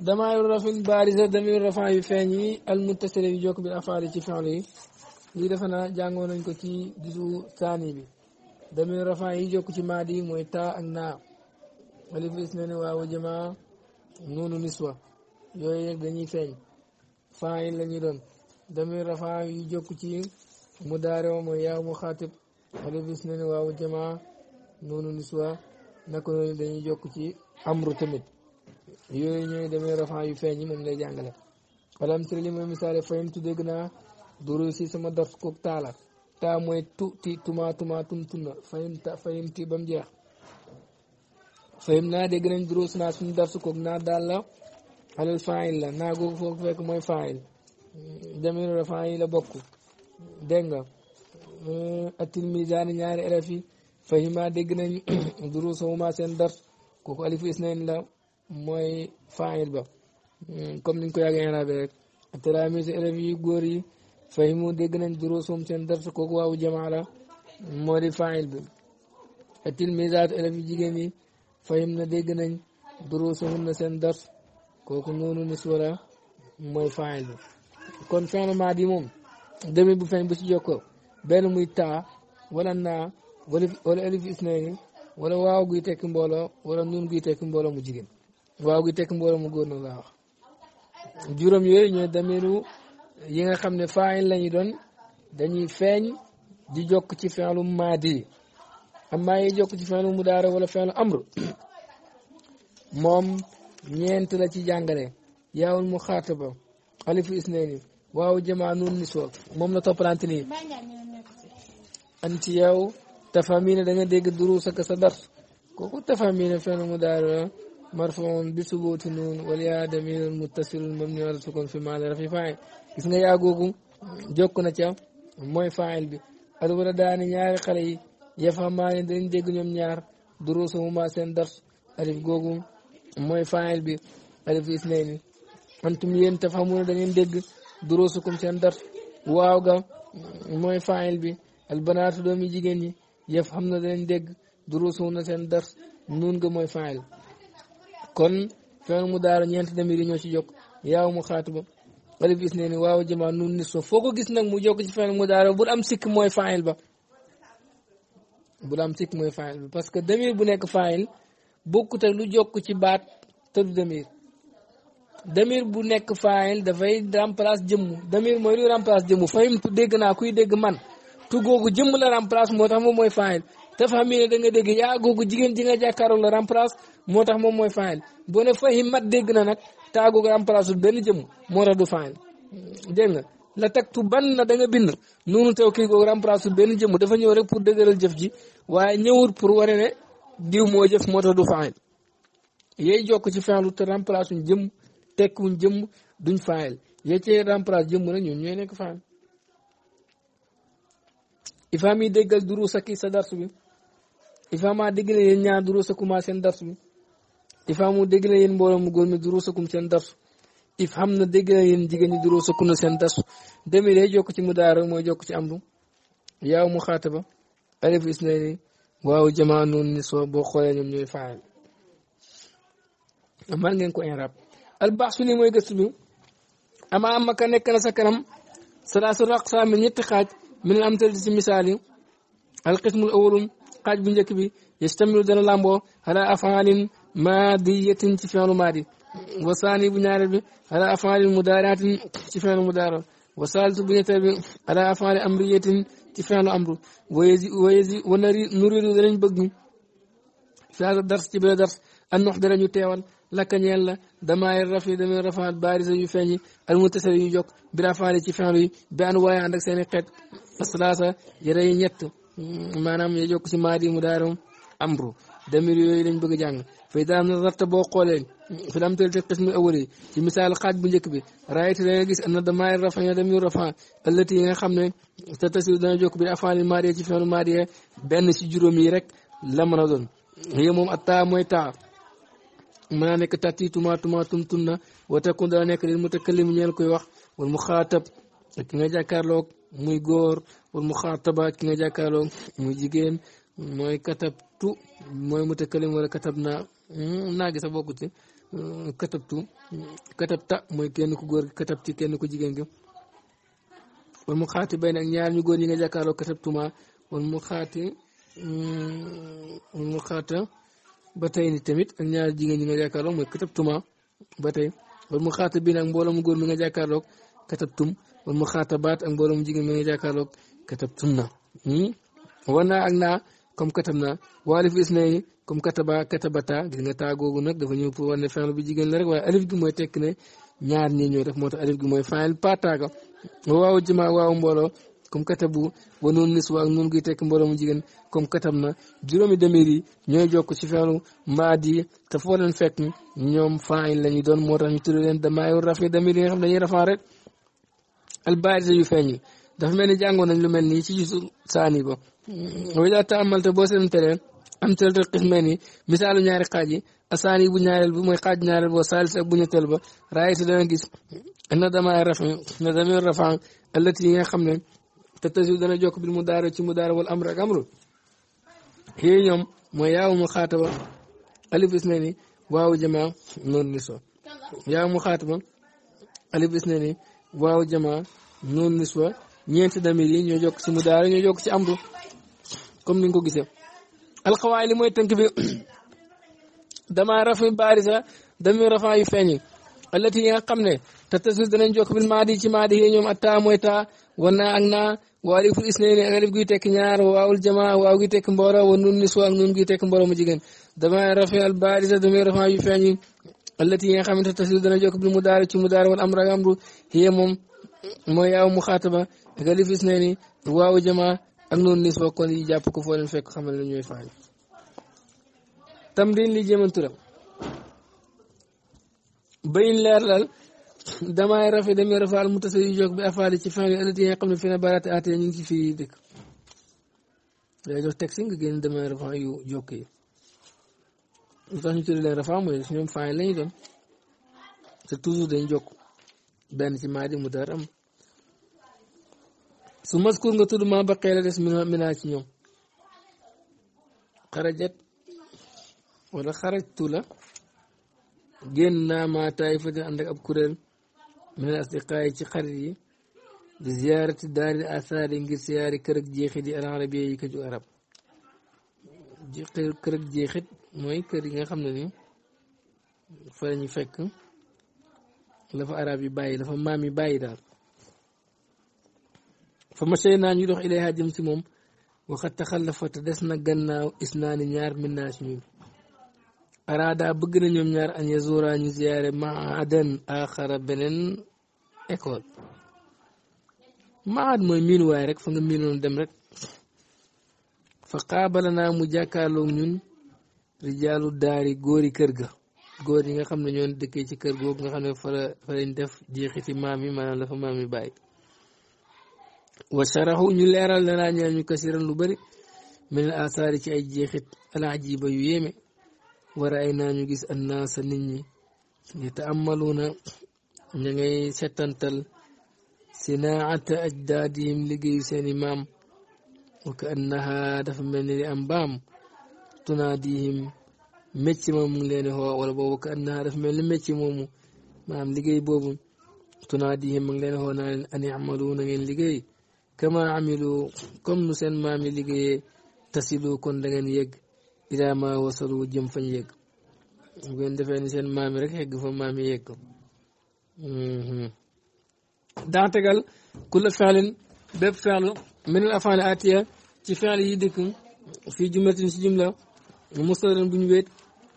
damaayu rafin baarisa damir rafan yu feeñ yi almuttasila yu jokk bi afaali ci fenl yi lii defe na jàngoo nañ ko ci gisu saani bi damir rafan yi jokk ci maadi mooy taa ak naa alif lis na ne waaw jamaa nuunu niswa yooyu yëg dañuy feeñ fen yi la doon damir rafan yu jokk ci mu daarewo mooy yaaw na ne waaw jamaa nuunu noonu dañuy jokk ci amru tamit yooyu ñooy demee rafan yu feeñ yi moom lay jàngale wala am siri li mooy misaale fayam tu dégg naa duru sama dars koog taala taa mooy tu ti tuma tuma tum tunna fayim ti ba mu jeex fayim naa dégg nañ duru si naa suñu dars koog yi la bokk dégg nga sama dars kooku alif isnayn la mooy faayil ba mm, comme niñ ko yàggee arabe rek talaamis élèves yu góor yi fahimu dégg nañ duruusum seen dars kooku waawu jamaa la moo di faayil bi tilmisaat élèves yu jigéen yi fahim na dégg nañ duruusum na seen dars kooku noonu niswa la mooy faayil bi kon fin maat yi moom demi bu feeñ bu ci jokkoo benn muy taa wala naa wala wala élèves wala waaw guy tekki mbooloo wala nuun guy tekki mbooloo mu jigéen waaw gi tekk mbooloo mu góor la laa wax juróom yooyu ñooy damiru yi nga xam ne faayil lañu doon dañuy feeñ di jokk ci fi'lu maadi amaa yi jokk ci fi'lu mudaara wala fi'lu amr moom ñeent la ci jàngale yaawul mu xaataba alifu isnayni waaw jamaa nuun niswa moom la toppalante nii anti yow tafamina da nga dégg duruus ak sa dars kooku tafamina fi'lu mudaara marfuun bi subuuti nuun wal yaa damiirun muttasilun mabniyun alaa sukuun fi mahalli raf'i faa'il gis nga yaa googu jokk na ca mooy faa'il bi alwaladaani ñaari xale yi yafhamaani dañ dégg ñoom ñaar duruusahumaa seen dars alif googu mooy faa'il bi alif isnayni antum yéen tafhamuuna da ngeen dégg duruusakum seen dars waaw ga mooy faa'il bi albanaatu doomi jigéen ñi yafhamna dañ dégg duruusahunna seen dars nuun ga mooy faa'il kon fenn mu daara ñeent damir yi ñoo ci jokk yaaw mu xaatiba alif gis ne ni waaw jamaa nun nis fa foo ko gis nag mu jokk ci fenn mu daara bu am sikk mooy faayil ba bu am mooy faayil ba parce que damir bu nekk faayil bokkut ak lu jokk ci baat te du damir damir bu nekk faayil dafay remplace jëmm damir mooy luy remplace jëmm fahimtu dégg naa kuy dégg man tu googu jëmm la remplace moo tax moom mooy faayil tafahami ne da dégg yaa googu jigéen ji nga jàkkaaroon la moo tax moom mooy faayil boo ne fahimat dégg na nag taa googu remplace wul benn jëm moo tax du faayil dégg nga ban na da nga bind noonu taw kii benn jëm dafa ñëw pour dëgëral jëf ji waaye ñëwut pour wane ne diw moo jëf moo jokk ci faalu te remplace wuñ jëm tekkuñ jëm duñ faayil yee cee remplace jëm na ñun ñooy nekk faayil ifaam yi déggal duru kii sa darsu bi ifaamaa dégg na yéen ñaar duruusakumaa seen darsu mi ifaamu dégg na yéen mbooloo mu góor mi duruusakum seen darsu ifham na dégg na yéen jigéen ñi duruusakuna seen darsu demi day jokk ci mudaara mooy jokk ci amru yaaw mu xaataba alif isnayni waaw jamaa noonu ni boo xoolee ñoom ñooy faayal man ngeen ko inrab albaax su ni mooy gëstu bi ama ka nekk na sa kanam salaasu raqsa min ñetti xaaj min am tëdd si misaal yi alqismul xaaj bu njëkk bi yastamilu dana làmboo ala afaalin maadiyatin ci fi'lu maadi wasaani bu ñaareel bi ala afaalin mudaaratin ci bu ñetteel bi ala afaali amriyatin ci fi'lu amru wayezi wayezi wanari nuridu danañ bëgg fi hada dars ci bile dars an nuxdira ñu teewal lakka ñeel la damaay rafi damay rafaat baarisa yu feeñi al mutasal yu jokk bi rafaali ci fi'lu yi bi an waaye ànd ak xeet asalaasa yëre yi ñett maanaam ya jokk si maadi mu daarum amru damir yooyu lañ bëgg jàng fay daam na zarta boo xoolee fi lam tel te qismu awali ci misaal xaaj bu njëkk bi rayit da nga gis ana damaay rafa ya yu rafa ëllëti yi nga xam ne te tasir dana jokk bi afaani maadi ci fenu maadiya benn si juróom yi rek la mën a doon yé moom attaa mooy taa mën naa nekk tati tuma tuma tum tum na wa takun dana nekk lil mutakallim ñeel koy wax wal mu xaatab ki nga jàkkaarloog muy góor wal muxaataba ki nga jàkkaarloo muy jigéen mooy katabtu mooy mutakalim wala katab naa hmm, naa gi sax bokku ci hmm, katabtu ta mooy kenn ku góor gi katabti kenn ku jigéen gi wal mu xaati bay nag ñaar góor ñi nga jàkkaarloo katabtuma wal mu xaati hmm, xaata ba tey ni tamit ak ñaar jigéen ñi nga jàkkaarloo mooy katabtuma ba tey mu xaata bi nag mbooloo mu góor mi nga jàkkaarloo katabtum wal mu xaata baat ak mbooloo mu jigéen mi nga jàkkaarloo katabtum na hmm? war naa ak naa comme katab na waalif isnay comme kataba katabata gis nga taagoogu nag dafa ñëw pour war ne fenn bi jigéen la rek waaye alif gi mooy tekk ne ñaar ñii ñoo def moo tax alif gi mooy mu jigéen comme katab na juróomi demir yi ñooy jokk ci feenu maad yi te foo leen fekk la doon moo tax ñu tudd leen yu feeñ dafa mel ni jàngoon nañ lu mel nii ci gisu saani ba wala taamalta boo seetlu am teel rek xis mel ni misaalu ñaari xaaj yi asaani bu ñaareel bi mooy xaaj ñaareel ba saalis ak bu ñetteel ba raay si dana gis na damay rafet na damay rafet ëllëg yi nga xam ne te tëjul dana jokk bi mu daara ci mu daara wala amru ak amru yooyu ñoom mooy yaawu mu xaataba alif is ne ni waawu jamaa noonu ni so yaawu mu xaataba alif is ne ni waawu jamaa noonu ni so ñeenti damir yi ñoo jokk ci mudaari ñoo jokk ci amru comme ni nga ko gisee alxawaay li mooy tënk bi dama rafi baarisa damir rafa yu feeñ allati yi nga xam ne te taswis danañ jokk bil maadi ci maadi yi ñoom atta mooy ta wan naa ak naa waa aliful isnayni ak alif guy tekk ñaar waawul jamaa waaw guy tekk mbooloo wa mu jigéen dama rafi al baarisa damir rafa yi nga xam ne te taswis dana jokk bil ci mudaari wal amru ak amru hiya moom mooy yaaw muxaataba ak alifis nee ni waaw jamaa ak noonu nisba kon yi jàpp ko foo leen fekk xamal ne ñooy faay tamrin li jëman turam bayin leerlal damay rafe demee rafaal mu tase yu jóg bi afaali ci fin bi alati yi xam ne fi na baraate aate ñu ngi ci fii dëkk day jox teg si nga génn damay rafa yu jokk yi tax ñu tudd leen rafa mooy ñoom faay lañu doon te toujours dañ jokk benn ci maa di mu am su maskur nga tudd maa baqee la des minaa ci ñoom xarajat wala xarajtu la génn naa maa taayifatin ànd ak ab kuréel minal asdiqaayi ci xarit yi di ziyaarati daari asaari ngir siyaari kër ak jeexit yi al arabiya yi ko ju arab kër ak jeexit mooy kër yi nga xam ne ni fa lañu fekk la fa arab yi bàyyi la fa maam yi bàyyi daal fa machay naa ñu dox ilayha jëm si moom waxat taxallafa te des na gannaaw isnaani ñaar min naa si ñun araada bëgg na ñoom ñaar an yazura ñu ziyaare maadan axara beneen école maad mooy miin waay rek fa nga miinoon dem rek fa qaabala naa mu jàkkaarloog ñun rijaalu daari góori kër ga góor yi nga xam ne ñoon dëkkee ci kër googu nga xam ne fa fa lañ def jeexiti maam yi maanaam la fa maam yi bàyyi wa sharaxu leeral lanaa ñeel kasiran lu bari min al asaari ci ay jeexit alajiba yu yéeme wara ay naa ñu gis annaasa nit ñi yeta amaluuna ña ngay settantal sinaata ajdaadihim liggéeyu seeni maam wa dafa mel ni li am baam tunaadihim mu ngi leen di xoo wala boobu ka dafa mel ni moomu maanaam liggéey boobu tunaadihim mu ngi leen di xoo naa leen an amalu na liggéey kama amilu comme nu seen maam yi liggéeyee tasilu kon da ngeen yegg ila ma wasalu jëm fañ yegg bu fa maam yi yegg mhm. daa tegal kulla fexlin bépp fexlu minal afaani atiya ci fexl yi dëkk fii jumlatin si jumla mustaran bu ñu wéet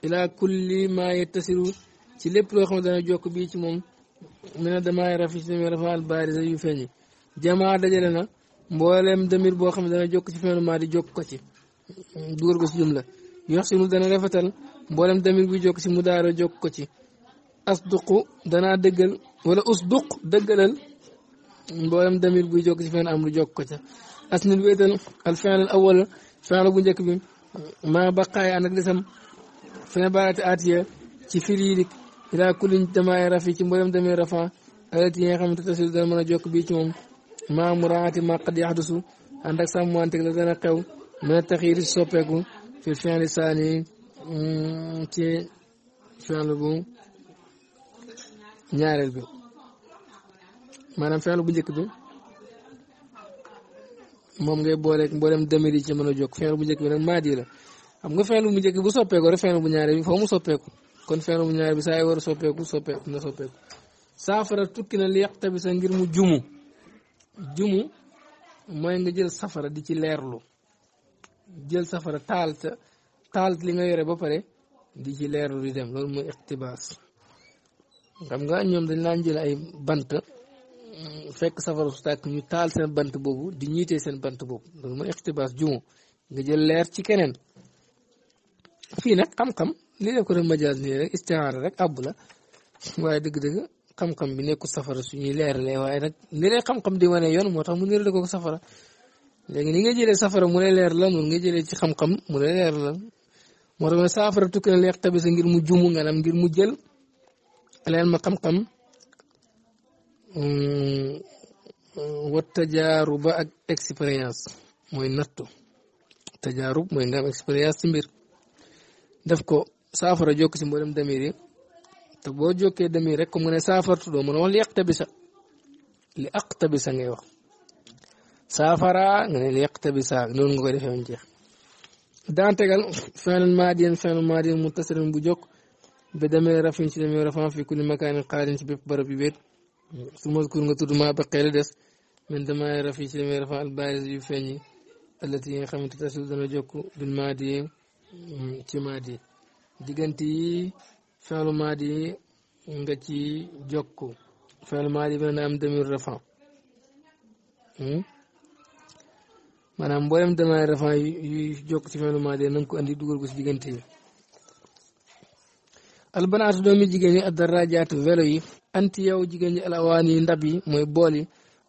ila kulli ma yattasilu ci lépp loo xam ne dana jokk bii ci moom mina damay rafi ci demee rafa al baarisa yu feeñ jamaa dajale na mbooleem damir boo xam ne dana jokk ci fi'il maadi jokk ko ci dugal ko ci jumla yoxsinu dana rafetal mboolem damir bi jokk ci mudaara jokk ko ci asduqu danaa dëggal wala usduq dëggalal mboolem damir buy jokk ci fi'il amru jokk ko ca asnil wéetal al fi'il al awwal fi'il bu njëkk bi maa baqaay ànd ak desam fi na baaraati aatiya ci firiidik ila kulin damaay rafi ci mboolem damir rafa alati yi nga xam ne tasiru dana mën a jokk bii ci moom maa muraati maa qad yaxdusu ànd ak sàmmanteeg la dana xew mais taxiiri soppeeku fi fi'li saani mm, ci fi'l bu ñaareel bi maanaam fi'l bu njëkk bi moom ngay booleeg mboolem demir yi ci mën a jóg fi'l bu njëkk bi nag maadi la xam nga fi'l mu njëkk bu soppeeku rek fi'l bu ñaareel bi foo mu soppeeku kon fi'l bu ñaareel bi saa yi war a soppeeku soppeeku na soppeeku saafara tukki na li yaqtabisa ngir mu jumu. jumu mooy nga jël safara di ci leerlu jël safara taal taal li nga yore ba pare di ci leerlu di dem loolu mooy iqtibaas xam nga ñoom dañ laan jël ay bant fekk safara su tàkk ñu taal seen bant boobu di ñiitee seen bant boobu loolu mooy iqtibaas jumu nga jël leer ci keneen fii nag xam-xam li def ko def majaas nii rek istihaara rek àbb la waaye dëgg-dëgg xam-xam bi nekkul safara suñuy leer leeralee waaye nag ni lay xam-xam di wane yoon moo tax mu nirale ko safara léegi ni nga jëlee safara mu ne leer la moo nga jëlee ci xam-xam mu ne leer moo saafara tukki na leex tabisa ngir mu jumu nga ngir mu jël leen ma xam-xam hmm, wa tajaaruba ak expérience mooy nattu tajaarub mooy nga expérience ci def ko saafara jokk ci mboolem damir yi te boo jokkee demi rek ko mën a saafartu doo mën a wax li aqtabisa li aqtabisa ngay wax saafara nga ne li aqtabisa noonu nga koy defee woon jeex daan tegal fi'lan maadiyan fi'lan maadiyan muttasilin bu jokk bi demee rafin ci demee rafan fi kulli makaanin xaalin ci bépp barab yu wéet su ma kur nga tudd maa baqee la des man damay rafi ci demee rafan al yu feeñi allati yi nga xamante tasul dana jokk bil maadiye ci maadiye diggante yi fi'lu maadi nga ci jokk fi'lu maadi bi na am damir rafa hmm? maanaam mboolem damir rafa yu jokk ci fi'lu maadi na nga ko andi dugal ko ci diggante yi albanaatu doomi jigéen ñi addarajaatu velo yi anti yow jigéen ñi alawaan yi ndab yi mooy bool yi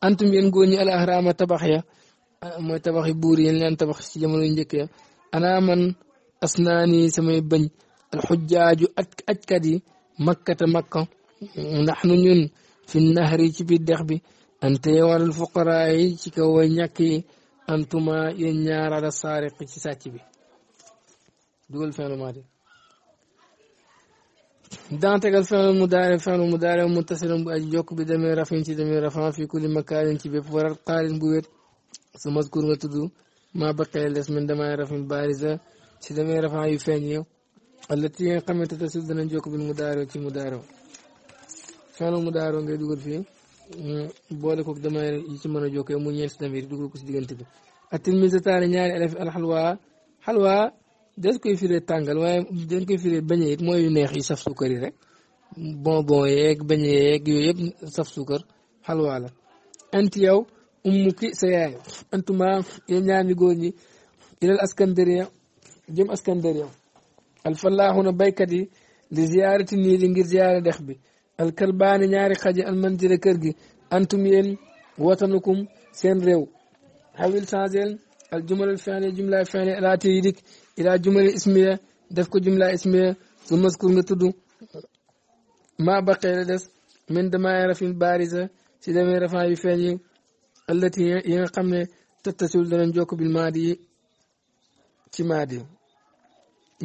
antum yéen góor ñi al ahraama tabax ya ah, mooy tabax yi buur yéen leen tabax ci jamono yu njëkk ya ana man asnaani samay bëñ الحجاج أتكدي مكة مكة نحن نن في النهر في الدخبي أنت يوال الفقراء كوينيكي أنتما ينيار على السارق تساتبي دول فعل ماضي دانت قال فعل مدار فعل مدار متصل بأجيوك بدمي رفين تدمي رفان في كل مكان تبي فورال قارن بويت سمذكور ما تدو ما بقي الاسم من رفين بارزة تدمي رفان يفين allati yi nga xamante ne si dana jokk bi mu daaroo ci mu daaroo fenn mu daaroo ngay dugal fii boole koog damay yi ci mën a jokkee mu ñeenti damir dugal ko si diggante bi. a tilmisataani ñaari alif alxalwa xalwa des koy firee tàngal waaye dañ koy firee bañ it mooy yu neex yi saf suukar rek bonbon yeeg bañ yeeg yooyu yëpp saf suukar xalwa la. anti yow ummu ki sa yaay antuma yéen ñaar ñu góor ñi ilal askandariya alfallaaxuna baykat yi li ziyaarati niili ngir ziyaara dex bi alkalbaani ñaari xaji al kër gi antum yéen watanukum seen réew xawil changel al jumal al jumla fi'liya yi dik ilaa jumal ismiya def ko jumla ismiya su maskur nga tudd maa baqee la des min damaa rafin baarisa si demee rafan yu feeñ yi allati yi nga xam ne tëttasul danañ jokk bil maadi yi ci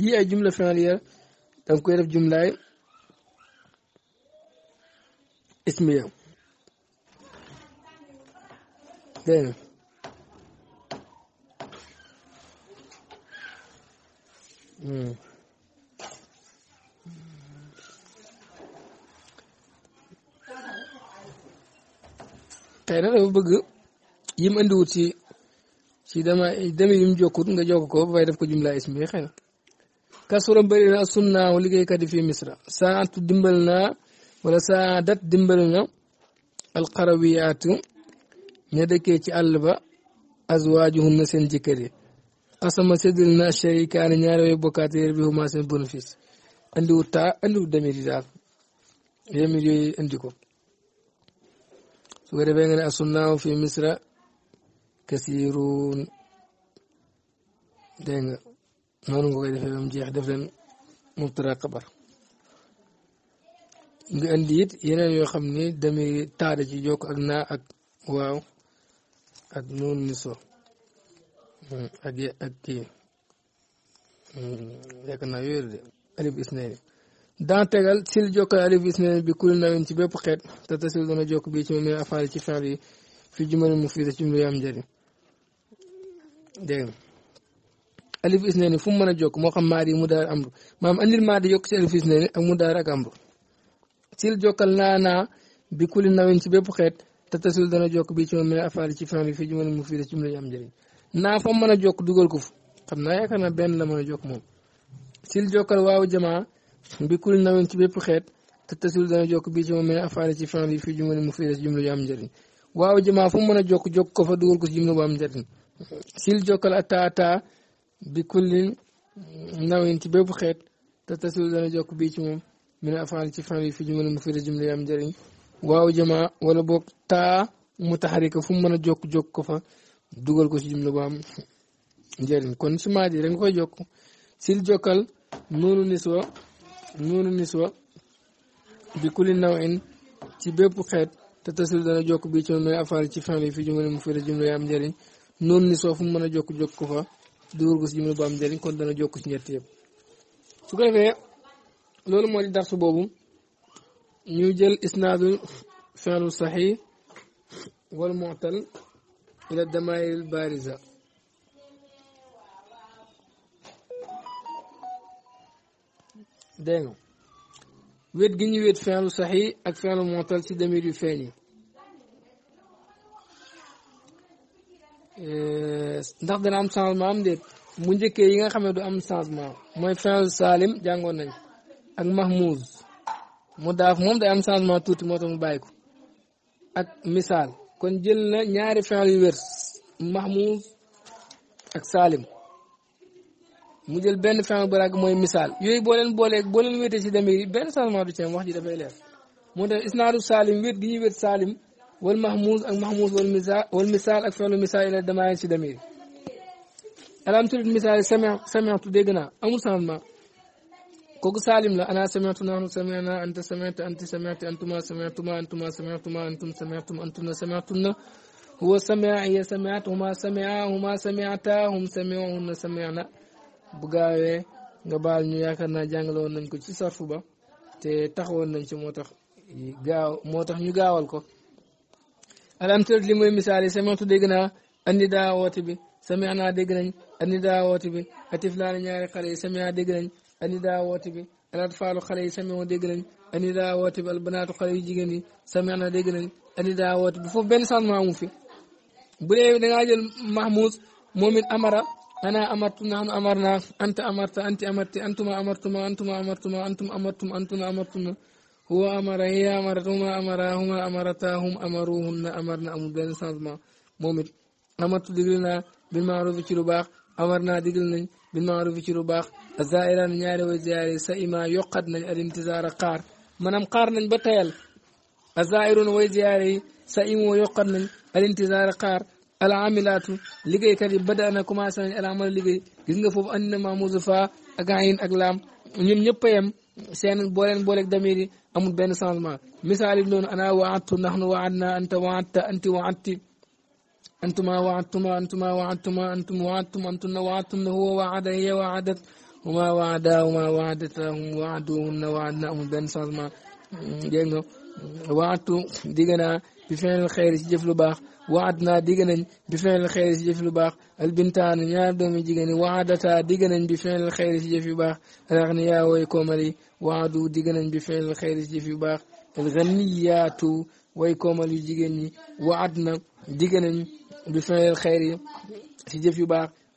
yii ay jumla fi'liya danga koy def jumlaay ismiya dégg nga xëy hmm. na dafa bëgg yim andiwut ci ci dama dama yim jokkut nga jokk ba fay def ko jumlaay ismiya xëy na kasura bëri na sunnaaw liggéeykat yi fii misra saatu dimbal na alxarawiyaatu ña dëkkee ci àll ba azwaajuhun na seen jëkkër yi xasama séddal na sharikaani ñaari way bokkaate yér bi huma seen bénéfice andiwu taa andiwu ko su nga ne asunnaaw fii misra kasiirun dégg نون غو ديف بام جيخ ديف لن مبتلى قبر غي اندي يت يينن يو خامني دامي تادا جي جوك اك نا اك واو اك نون نيسو اك يا اك تي ياك نا يور دي الف اسنين dan tegal sil jokal alif isnen bi kul nawin ci bepp xet ta tasil dana jok bi ci mi afal ci xali fi alif isnaani fu mu mën a jokk moo xam maadi mudaari amru maam andil maadi yokk ci naa naa bi kulli nawin ci bépp xeet te tasul dana jokk bi ci moom mi ne bi fii jumla mu am njëriñ naa fa a jokk dugal ko fu naa yaakaar naa benn la mën a jokk moom sil waaw jamaa bi kulli nawin ci bépp xeet te tasul dana jokk bi ci ci fan fii jumla mu fii la jumla waaw jamaa fu mu mën a jokk jokk ko fa dugal ko si jumla bu am njëriñ sil jokkal ataa ataa bi kullin nawin ci bépp xeet te tasul dana jokk bii ci moom min afaal ci fan yi fi jumla mufida am njëriñ waaw jamaa wala boog taa mu taxarika fu mu mën a jokk-jokk ko fa dugal ko si jumla bu am kon si maat yi da nga koy jokk sil jokkal nuunu niswa nuunu niswa ci bépp xeet te tasul dana jokk bii ci moom ci fan yi fi jumla mufida jumla yi am njëriñ noonu niswa fu mu mën a jokk-jokk ko fa duur gu si jumla bu am njëriñ kon dana jokk ci ñett yëpp su ko defee loolu moo di darsu boobu ñu jël isnaadu fi'lu saxi wal mu'tal ila damaayir al baariza dégg nga wet gi ñu wet fi'lu saxiix ak fi'lu mu'tal ci damir yu feeñ yi Eh, ndax dana am changement am déet mu njëkkee yi nga xam ne du am changement mooy fi'l saalim jàngoon nañ ak mahmuz mu daaf moom day am changement tuuti moo tax mu bàyyi ak misaal kon jël na ñaari fi'l yu wér mahmuz ak salim mu jël benn fi'l bu ràgg mooy misaal yooyu boo leen boolee boo leen wéetee ci benn changement du ci wax ji dafay leer moo tax isnaadu salim wéet gi ñuy wéet salim والمهموز المهموز والمثال والمثال أكثر المثال إلى الدماء سدمير ألم تريد المثال سمع سمعت دقنا أم سامة كوك سالم لا أنا سمعت نحن سمعنا أنت سمعت أنت سمعت أنتما سمعتما أنتما سمعتما أنتم سمعتم أنتم سمعتم هو سمع هي سمعت هما سمعا هما سمعتا هم سمعون سمعنا بقاوة قبال نياك نجان لو ننكو تصرفوا با تتخوان ننكو موتخ موتخ نيقاوالكو ألم ترد لي مثالي سمعت دقنا النداء واتبي سمعنا دقنا النداء واتبي أتفلان ياري قلي سمع دقنا النداء واتبي الأطفال خلي سمعوا دقنا النداء واتبي البنات خلي جيجني سمعنا دقنا النداء واتبي فو بين سان معهم في بلي نعاجل محموس مؤمن أمرا أنا أمرت نحن أمرنا أنت أمرت أنت أمرت أنتما أمرتما أنتما أمرتما أنتم أمرتم أنتم أمرتم, أنتم أمرتم. هو أمر هي أمرتهما أمراهما أمرتاهم أمروهن أمرنا أم بين سانزما مومت أمرت دقلنا بالمعروف كيلو باخ أمرنا دقلنا بالمعروف كيلو باخ الزائرة نياري وزياري سئما يقد من الامتزار قار منام قار نن بتيل الزائر وزياري سائما ويقد من الانتظار قار العاملات liggéeykat yi bada na commencé nañ al'amal liggéey أنما مزفا foofu أقلام نيم ma muzafa seen booleen booleeg damir yi amul benn changement misaal yi noonu ana waatu nahnu waadna anta waatta anti waatti antuma waatuma antuma waatuma antum waattum antunna waattumna huwa waada hiya waadat huma waada huma waadatahum waaduhunna waadna amul benn changement mm, dégg nga waatu digg naa بفعل الخير سي جيف وعدنا دجنن بفعل الخير سي جيف البنتان نيار دومي جيغني وعدتا دجنن بفعل الخير سي جيف لوباخ رغنيا وعدو دجنن بفعل الخير سي جيف الغنيات وي كومالي جيغني وعدنا ديغنن بفعل الخير سي جيف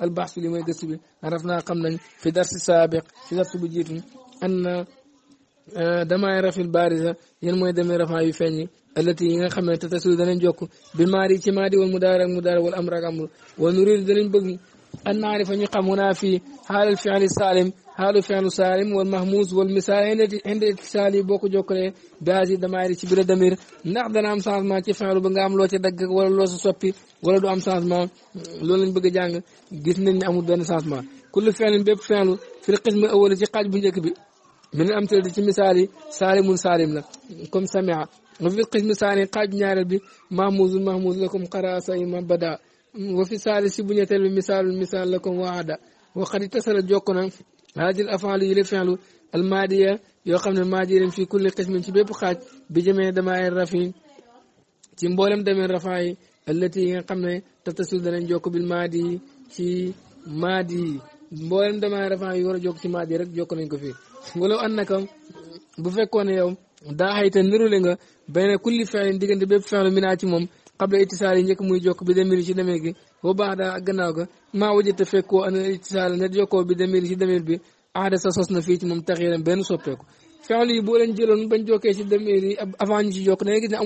البحث لما يدسبي عرفنا قمنا في درس سابق في درس بجيتن أن دماء رفي البارزة ينمو يدمي رفعي فاني التي نخمن تتسل دنين جوكو بماري كمادي والمدارة المدارة والأمر أمر ونريد دنين بغي أن نعرف أن يقامنا في حال الفعل السالم حال الفعل السالم والمهموس والمثال عند التسالي بوكو جوكو بازي دماري كبير دمير نعدنا أمسان ما كفعل بغي أملو تدقق ولا لو سوبي ولا دو أمسان ما لولن بغي جانج جسنين أمود دون أمسان ما كل فعل بيب فعل في القسم الأول تقاج بنجك بي من الأمثلة التي مثالي سالم سالم لك كم سمع وفي القسم الثاني قد نار بي محمود محمود لكم قرأ سيما بدا وفي الثالث بنية المثال المثال لكم وعدا وقد اتصل جوكنا هذه الأفعال يلفعلوا المادية يقمن الماجير في كل قسم في بيب خاج بجميع دماء الرفين تنبولم دماء الرفاي التي يقمن تتصل دنا جوك بالمادي في مادي مبولم دماء الرفاي يورا جوك في مادي رك جوكنا في ولو أنكم بفكونا يوم داهيت نرولنغا bay na kulli fenn diggante bépp fenn mi naa ci moom xabla itisaal yi njëkk muy jokk bi demir ci demir gi boo baax daa ak gannaaw ga maa bi aada sa na fii moom tax yéen benn soppeeku fenn yi boo leen jëloon bañ jokkee ci demir yi avant ñu ci jokk da ngay gis ne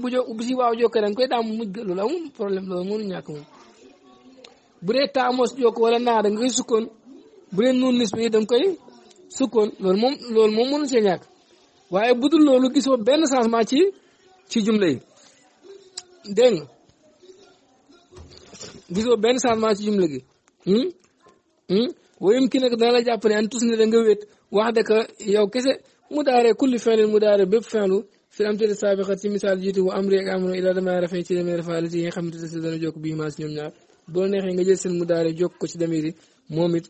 bu jo bu si waaw jokkee da nga koy daam mujj ga loolu amul problème loolu mënu ñàkk jokk wala naa da nga koy sukkoon bu dee nuun nis bi da nga koy sukkoon loolu moom loolu moom mënu see ñàkk waaye bu dul loolu gisoo benn changement ci ci jumla yi dégg nga gisoo benn changement ci jumla hmm? hmm? ki nag dana la jàpp ne an tus ne da nga wéet wax dëgg yow kese mu daaree kulli fenlin mu daaree bépp fenlu fi am tëdd saabiqat ci misaal jiitu bu am rek amoon ilaa damay rafet ci demee rafet yi nga xam ne si dana jokk bii maa ñoom ñaar boo neexee nga jël seen mu daaree jokk ko ci demee moom it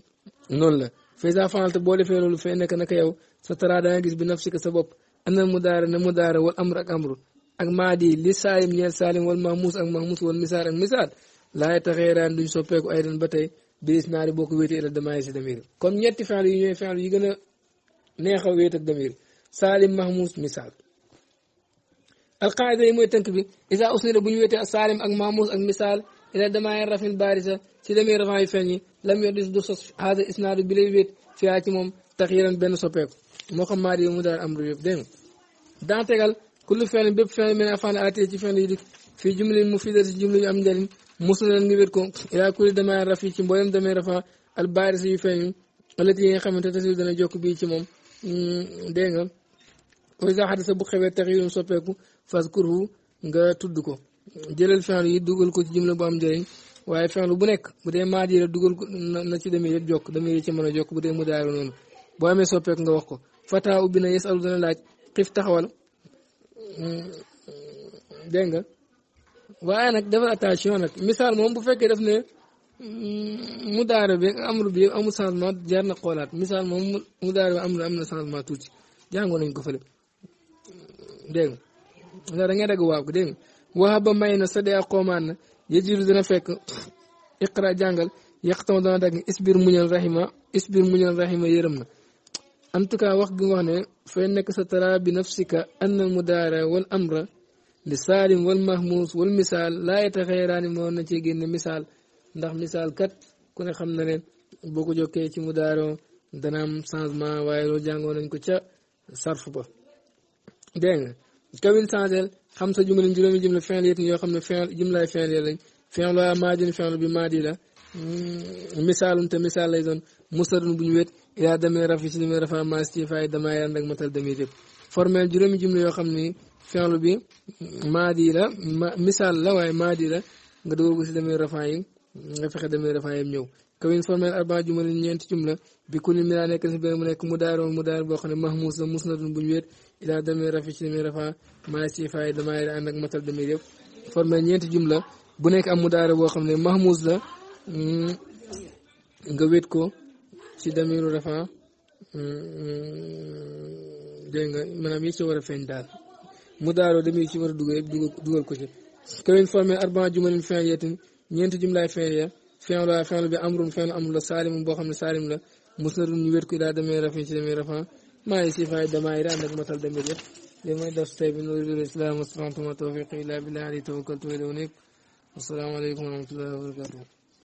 noonu la fay saa fanal te boo defee loolu fay nekk naka yow سترى دا غيس بنفسك سبب أن المدار أن المدار والأمر أك أمر أك مادي لسالم نيال سالم والماموس أك ماموس والمثال أك مثال لا يتغيران دون سوبيكو أيضا بتي bilis naari boo ko wéetee ila damaay si damir kon ñetti fenl yi ñooy fenl yi gën a neex a wéet ak damir saalim mahmus misaal alqaida yi mooy tënk bi isa usnida bu ñu wéetee saalim ak mahmus ak misaal ila damaay rafin baarisa si damir rafan yu feeñ yi lam yo dis du sos haada isnaadu bi lay wéet fiyaa ci moom taxiiran benn soppeeku moo xam maari mu daal am yëpp dégg nga daan tegal kullu fenn bépp fenn mel ne afaan aatee ci fenn yi dik fii jumlin mu fidati ci jumli yu am njëriñ mosu na ngi wér ko ilaa kulli damay raf yi ci mboolem damay rafa al baaris yu feeñ yi nga xamante ne tasiw jokk bii ci moom mm, dégg nga koy bu xewee tax yum soppeeku fas kurhu nga tudd ko jëlal fenn yi dugal ko ci jumla bu am njëriñ waaye fenn bu nekk bu dee maadi la dugal ko na ci demee yëpp jokk demee yëpp ci mën a jokk bu dee mu daayru noonu boo amee soppeeku nga wax ko Fata ubbi na yesalu dana laaj xif taxawal hmm, dégg nga waaye nag dafa attention nag misaal moom bu fekkee daf ne hmm, mudaare bi amru bi amul changement jar na xoolaat misaal moom mudaare bi amru am na changement tuuti jàngoo nañ ko fële dégg nga ndax da ngay dagg waaw ko dégg nga waxa ba may na sa dee ak xoomaan na yëjiru dana fekk iqra jàngal yaqtama dana dagg isbir muñal rahima isbir muñal rahima yërëm na en tout cas wax gi wax ne fay nekk sa tara bi nafsika ann al mudaara wal amra li saalim wal mahmuus wal misaal laa yataxayraani moo na ci génn misaal ndax misaal kat ku ne xam na ne boo ko jokkee ci mudaaro dana am changement waaye loolu jàngoo nañ ko ca sarf ba dégg nga kawil changel xam sa jumla juróomi jumla fin yétni yoo xam ne fin jumlaay fin lañ fin la maadin fin bi maadi la misaalum te misaal lay doon musarun bu ñu wet ilaa damir raf yi si damir rafa mas ci fay damay ànd ak matal damir yëpp formel juróomi jumla yoo xam ni fi'lu bi maadi la misaal la waaye maadi la nga dugal ko si damir rafa yi nga fexe damir rafa yi ñëw kawin formel arba jumla ñeenti jumla bi ku li mi laa nekk si benn mu nekk mu daaroo mu daar boo xam ne mahmus la musnadun buñ wéet ilaa damir raf yi si damir rafa mas ci fay damay ànd ak matal damir yëpp formel ñeenti jumla bu nekk am mu daara boo xam ne mahmus la mm, nga wéet ko ci damiru rafa mm, dégg nga maanaam yi ci war a feeñ daal mu daaroo damir ci war a dugal yëpp dugal ko ci kawin formé arbaa jumalin fin yeetin ñeenti jumlaay fin ya fin la fin bi amrun fin amrun la saalim boo xam ne saalim la musnadun ñu wét ko daa damir rafa ci damir rafa maa ngi si fay damaa yi ànd ak matal damir yëpp li may def tey bi nuriidul islaam wastata'tu wa tawfiqi illaa billaah alayhi